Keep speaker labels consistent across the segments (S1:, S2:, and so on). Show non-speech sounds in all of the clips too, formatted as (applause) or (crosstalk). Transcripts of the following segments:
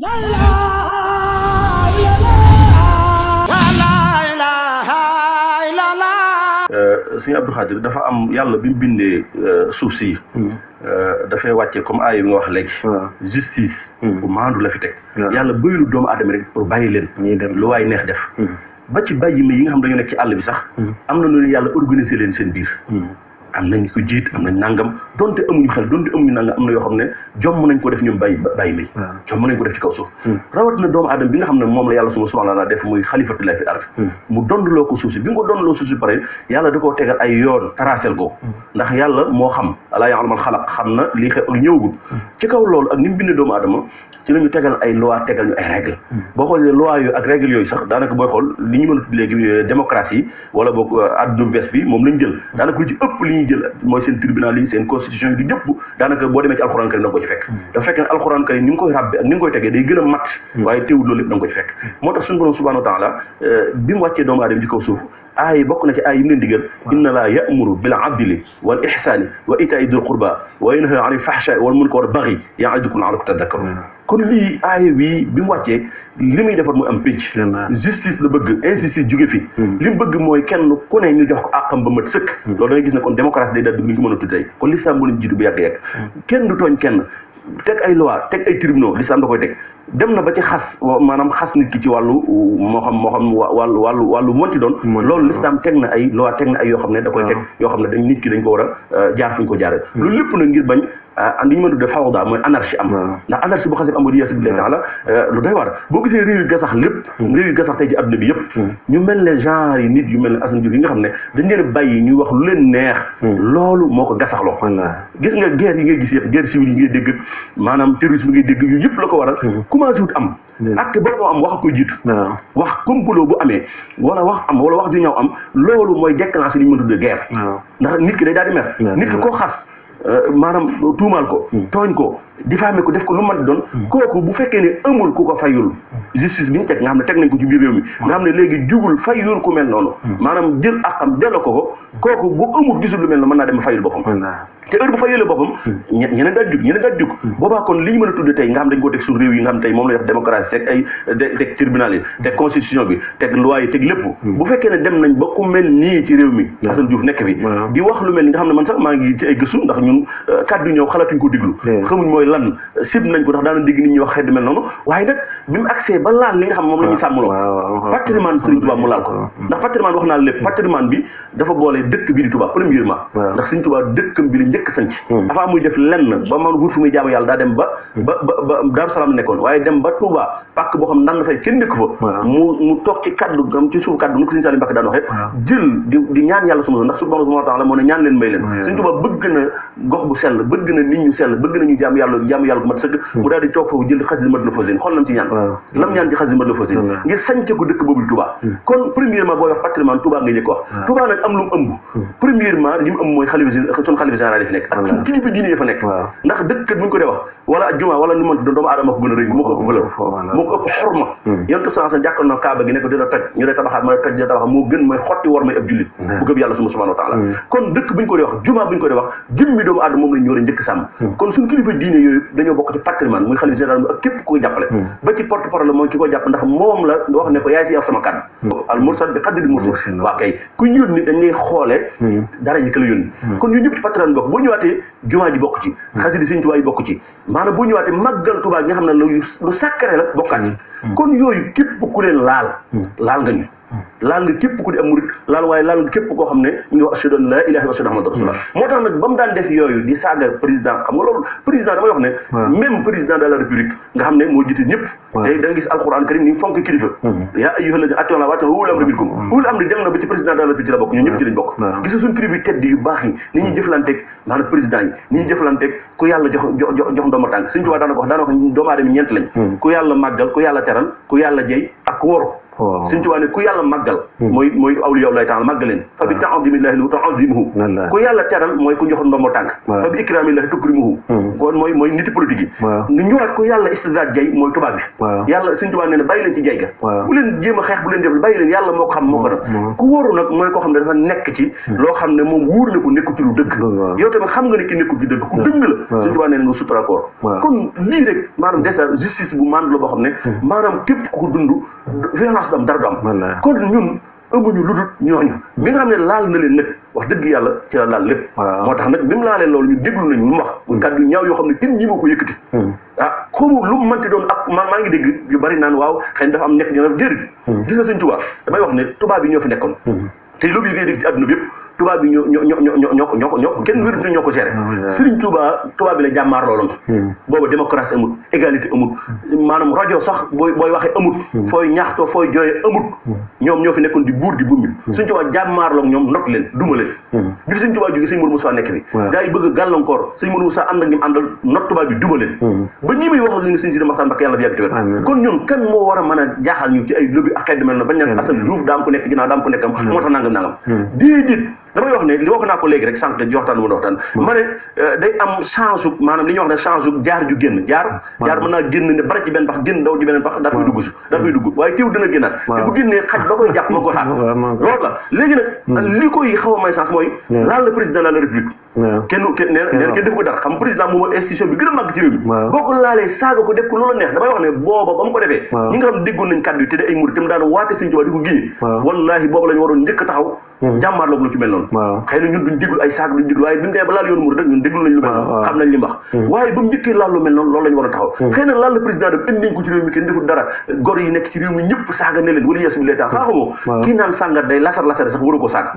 S1: Euh, sëñ Abdou Khadir dafa am yàlla bi mu bindee euh, suuf si. Hmm. Euh, dafay wàcce comme aay bi nga wax léegi. Hmm. justice. Hmm. bu maandu la fi teg. yàlla bëyul doomu aadama rek pour bàyyi leen. lu waay neex def. ba ci bàyyi ma yi nga xam dañu nekk ci àll bi sax. am na noonu yàlla organiser leen seen biir. am nañ ko jiit am nañ nangam donte amuñu xel donte amuñu nangam am na yoo xam ne jomm nañ ko def ñun bàyyi bàyyi mi jomm nañ ko def ci kaw suuf hmm. rawatina doomu aadama bi nga xam ne moom la yàlla suma subhanahu wa taala def muy xalifatullahi fi ard hmm. mu ko suuf si bi nga ko dondloo suuf si pare yàlla da koo tegal ay yoon ko hmm. ndax yàlla moo xam alaa ya'lamal xalaq xam na lii xew ak kaw loolu ak ni mu bindee doomu aadama ci la ñu tegal ay loi tegal ñu ay règle boo xoolee loi yooyu ak règle yooyu sax daanaka booy xool li ñu mën a tudd léegi euh, démocratie wala boog adduna euh, bees bi moom lañ jël jël mooy seen tribunal yi seen constitution yi du ñëpp daanaka boo demee ci alcorane karim da nga ko ci fekk da fekk ne alxuraan karim ni mu koy ràbbe ak ni mu koy tegee day gën mat waye teewul loolu lépp da nga ko ci fekk motax sun borom subhanahu wa taala bi mu wàccee doomu aadama ci kaw suuf aay bokku na ci aay yi mu leen digal inna la ya'muru bil adli wal ihsani wa ita'i dhil qurba wa yanha anil fahsha'i wal munkari wal baghi ya'idukum la'allakum tadhakkarun kon lii aaya wii bi mu wàccee li muy defar mooy am pénc justice la bëgg injustice jóge fi hmm. li mu bëgg mooy kenn ku ne ñu jox ko àqam ba mët sëkk hmm. loolu da ngay gis ne kon démocratie day daal dugg ni ko mën a tudd tey kon l'islam moo leen jiitu bu yàgg-yàgg hmm. kenn du tooñ kenn teg ay loi teg ay tribunaux l'islam da koy teg dem na ba ci xas maanaam xas nit ki ci wàllu moo xam moo xam wàllu wàllu wàllu monti doon loolu l'islam teg na ay loi teg na ay yoo xam ne da koy teg ah. yoo xam ne dañ nit ki dañ ko war a euh, jaar ko jaaree loolu lépp na ngir bañ li ñu mën a tuddee fawda mooy euh, boo gisee réew yi gasax lépp mm. réew yi gasax tey ci adduna bi yëpp mm. ñu mel ne ne Assane Diouf xam ne dañ leen bàyyi ñuy wax lu leen neex mm. loolu moo ko gasaxloo gis nga guerre yi ngay gis yëpp guerre civile maanaam terrorisme yi ngay dégg yu la ko waral commencé wut am acte ba moo a koy jiitu wax complot bu amee wala wax am wala wax ju ñaaw am loolu mooy déclenché li ñu mën a tuddee guerre ndax nit ki day daal di nit ki koo xas Euh, maanaam tuumaal ko. Hmm. tooñ ko difaame ko def ko lu mën doon. Hmm. kooku bu fekkee ne amul ku ko fayul. Hmm. justice bi nga xam ne teg nañ ko ci ku ko ko. kooku bu amul gisul lu mel noonu mën naa dem fayul boppam. te heure bu fayalee boppam. li ñu mën a tuddee tey nga xam dañ bi teg loi yi teg lépp. bu fekkee ne dem nañ ba ku mel nii ci réew mi. nga xam ne man sax maa ngi ci ay gëstu ndax ñun euh, kaddu ñëw xalatuñ ko diglu xamuñ mooy lan sib nañ ko ndax daana dégg nit ñi wax xedd mel noonu waaye nag bi mu accès ba laal li nga xam moom patrimoine mu laal ko ndax patrimoine wax patrimoine bi dafa boole dëkk bi di tuba premièrement ndax sëriñ tuba dëkkam bi la njëkk sanc hmm. avant muy def lenn ba man wut fu muy jaamu yàlla daa dem ba hmm. ba ba daaru salaam nekkoon dem ba tuba pak boo xam nan fay kenn dëkk fa mu mu toog ci kaddu gam ci suuf kaddu salim jël di nyanyi ñaan yàlla suma ndax subhanahu wa ta'ala moo ne ñaan leen may leen tuba bëgg na gox bu sel bëgg na nit ñu sel bëgg na ñu jamm yalla jamm yalla bu mat sëgg hmm. bu daal di tok fofu jël xasida mat la fasin xool lam ci ñaan lam ñaan di xasida mat la fasin ngir sañce ko dëkk bobu tuba hmm. kon premièrement boy wax patrimoine tuba nga ñëk wax tuba nak am lu mu ëmb hmm. premièrement li mu ëmb mooy xalifa sun xalifa général yi fi nekk ak sun kilifa diine fa nek ndax dëkk kat buñ ko dee wax wala juma wala ñu mënt doom adam ak gëna gën moko ko ëpp valeur moo ëpp xorma yontu sa sa jàkkal na kaaba gi nek dina toj ñu day tabaxat moy toj dina tabaxaat mo gën moy xoti war may ab julit bu gëm yalla suma subhanahu wa taala kon dëkk buñ ko dee wax juma buñ ko dee wax jëmmi doomu aadama moom la ñu a njëkk sàmm hmm. kon suñu kilifa diine yooyu dañoo bokk ci patrimoine muy xalifa général ak képp ku ko jàppale hmm. ba ci porte parole moom ki ko jàpp ndax moom la wax ne ko yaay si yor sama kàddu hmm. al mursal bi xaddiri mursal waaw kay ku ñu yónni dañ lay xoolee dara yi ka la yónni kon ñun ñëpp ci patrimoine bokk boo ñëwaatee jumaa ji bokk ci xasidi sëñ Tuubaa yi bokk ci maanaam boo ñëwaatee màggal Tuubaa gi nga xam ne lu sàkkare la bokkaat ci kon yooyu képp ku leen laal laal nga laal nga képp ku di am murit laal waaye laal képp koo xam ne ñu ngi wax ashhadu an laa ilaaha illallaah ashhadu muhammadur rasulullah hmm. moo tax nag ba mu daan def yooyu di saaga président xam nga loolu président damay wax ne hmm. même président de xam ne moo jiite ñëpp hmm. tey da nga gis alquran karim ni mu fonk kilifa yaa ayyuhal lazina aatii'u llaaha wa aatii'u ulul na président yi ni ñuy jëflanteeg ku yàlla jox jox ndooma tànk suñu tubaab daana ko wax daana wax doomu aadama ñeent lañ ku yàlla màggal ku yàlla teral ku yàlla jey ak ku sëñ Tuubaa ne ku yàlla màggal hmm. mooy mooy awliya lay hmm. a xeex nekk ci hmm. loo xam ne moom wóor na ko nekku ci lu dëgg yow tamit xam nga ne ki nekkul ci dëgg ku dëng la sëñ Tuubaa nee na nga sutura lii rek maanaam déjà justice bu maandu la boo xam ne maanaam képp ku ko dund violence chance du am dara du am kon ñun lu dul ñooñu bi nga ne laal na leen nag wax dëgg yàlla ci la laal lépp moo tax nag bi mu loolu ñu nañ mu wax hmm. kàddu ñaaw yoo xam ne kenn ñi ko yëkkati hmm. ah xamu lu mu mënti doon ak man maa ngi dégg yu bari naan waaw xëy na dafa am nekk ñoo def déedéet hmm. gis na sëñ tubaab damay wax ne tubaab yi ñoo fi nekkoon té lobby bi def ci àdduna bi yëpp bi ñoo ñoo ñoo ñoo ñoo ñoo ko ñoo kenn wér ñoo ko seere sëriñ Touba tubaab bi la jamar loolu hmm. bobu démocratie amut égalité amut manam radio sax boy boy waxe amut hmm. foy ñaxtoo fooy jooyee amut hmm. ñoom ñoo fi nekkoon di bour di bumbil sëriñ tuba jamar loolu ñom not leen duma leen bi fi tuba Touba jógee Mourou Moussa nekk bi gaay bëgg galan koor sëriñ Mourou Moussa and ak ñoom àndal not tubaab bi duma leen ba ñi muy wax ak ñu sëriñ si Maxtaan Mbakke yàlla fi yàgg ci wér kon ñun kan mo wara mëna mën jaaxal ñu ci ay lobby ak xeet mel na bañ naan Assane Diouf daam ko nekk ginnaaw daam ko nekkam am moo tax nangam hmm. nangam. déedéet damay wax ne li wax naa ko léegi rek sànq di waxtaan mu waxtaan mm. ma ne euh, day u wax ne change jaar ju génn jaar mm. jaar mën daw ci beneen pax daa fay mm. dugg su daa fay dugg waaye teew dina génnaat (laughs) xaw a may change mooy laal le ko dara a màgg ci réew boo ko laalee saaga ko def waate sëñ Tuubaa di ko génne wallaahi booba la ñu waroon njëkk taxaw mm-hmm. jàmmaarloog lu ci mel noonu noonu xëy na ñun duñ hmm. a hmm. kii naan sàngat day lasar lasar sax waru ko saaga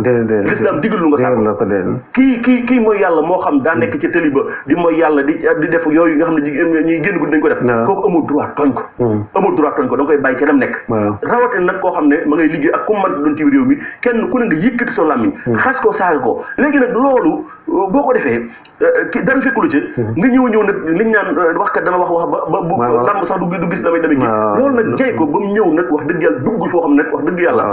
S1: l'islam digal lu nga saaga kii kii mooy yàlla moo xam daa nekk hmm. ci tëli ba di mooy yàlla di di yooyu nga xam ne ñuy génn guddi nañ ko def kooku amul droit tooñ ko amul droit tooñ ko da nga koy bàyyi kenn am nekk rawatina nag koo xam ne ma ngay liggéey ak ku man doon ci réew mi kenn ku ne nga yëkkati sa làmmiñ xas ko ko léegi nag loolu boo ko defee euh, dara fekkulu ci mhm. nga ñëw ñëw nag liñ naan euh, wax kat dana wax wax ba bu lamb sax du gis damay damay kii loolu nag jay ko ba mu ñëw nag wax dëgg yàlla dugg foo xam ne nag dëgg yàlla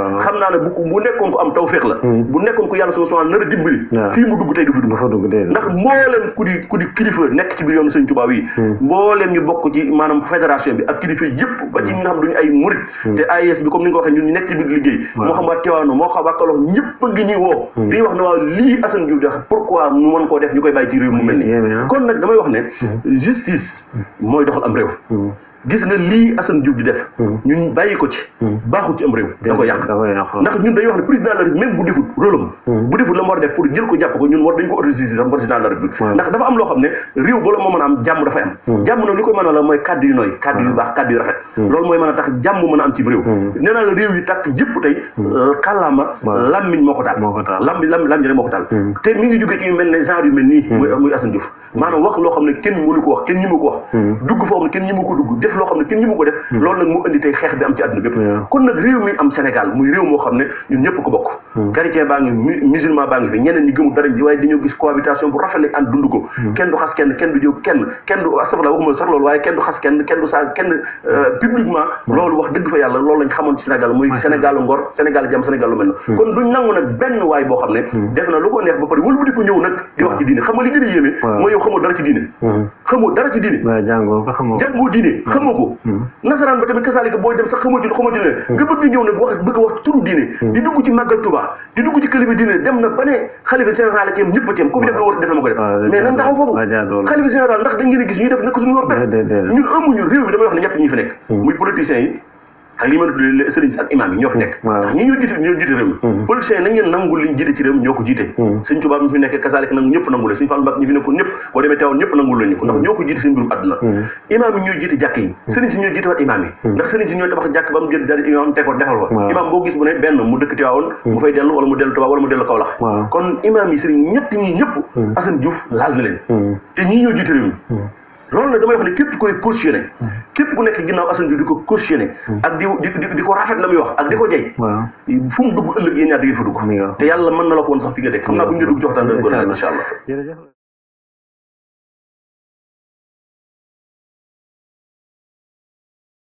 S1: bu nekkoon ko am taw la mhm. bu nekkoon ko yàlla sama sama nar a dimbali fii mu dugg tey du fi dugg ndax mbooleem ku ku di kilifa nekk ci biir yoonu sëñ Tuubaa yi mhm. mbooleem ñu bokk ci maanaam fédération bi ak kilifa yëpp ba ci ñi nga xam duñu ay murit te AIS bi comme ni nga ko di wax na waaw lii Assane Diouf di wax pourquoi ñu mën koo def ñu koy bàyyi ci réew mu mel nii kon nag damay wax ne mm-hmm. justice mooy doxal am réew mm-hmm. gis nga lii Assane Diouf di def. Hmm. ñun bàyyi ko ci. Hmm. baaxul ci am réew. da ko yàq ndax ñun dañuy wax ne président de la bu defut rôle hmm. bu defut la mu war a def pour jël ko jàpp ko ñun war a am moo ko daal. te mi ngi jógee ci mel ne genre yu mel nii. muy muy Assane maanaam wax loo xam ne kenn mënu ko wax kenn ñi ko wax. dugg foo ne kenn ñi ko dugg def loo hmm. loolu am ne ñun ñëpp ko bokk hmm. chrétien baa ngi musulman baa ngi fi ñeneen ñi gëmul dara ji waaye dañoo gis cohabitation bu rafet lañ ànd dund ko hmm. kenn du xas kenn kenn du jóg kenn kenn du asafala euh, wax dëgg fa yàlla loolu lañ xamoon Sénégal muy Sénégal ngor Sénégal jàmm Sénégal lu mel na kon duñ nangu nag benn waay boo xam ne def na lu ko neex ba pare wëlbati ko ñëw nag di wax ci diine xam li gën a yéeme mooy yow xamoo dara ci diine xamoo dara diine xamoo ko hmm. nasaraan ba tamit kasaalika booy dem sax xamajul xamajul leen hmm. nga bëgg ñëw nag wax bëgg wax turu diine hmm. di dugg ci màggal Tuubaa di dugg ci kilifa diine dem na ba ne xalifa général a ci yem ñëpp ci yem ku fi def lu war a def ma ko def mais nan taxaw foofu xalifa général ndax dañ ngeen gis ñuy def naka suñu war def ñun amuñu réew mi damay wax ne ñett ñi nekk muy politiciens yi ak li ma tudd sëriñ si ak imaam yi ñoo fi nekk ndax ñoo jiite réew mi hmm. ñoo hmm. fi nekk ñii ñoo jiite réew mi hmm. loolu nag damay wax ne képp koy cautionné mm-hmm. képp ku nekk ginnaaw Assane Diouf di ko cautionné mm-hmm. ak di di di ko rafet la muy wax ak di ko jey fu mu dugg ëllëg yéen ñaar di ngeen na bu ñu nga jox taan dañ ko incha allah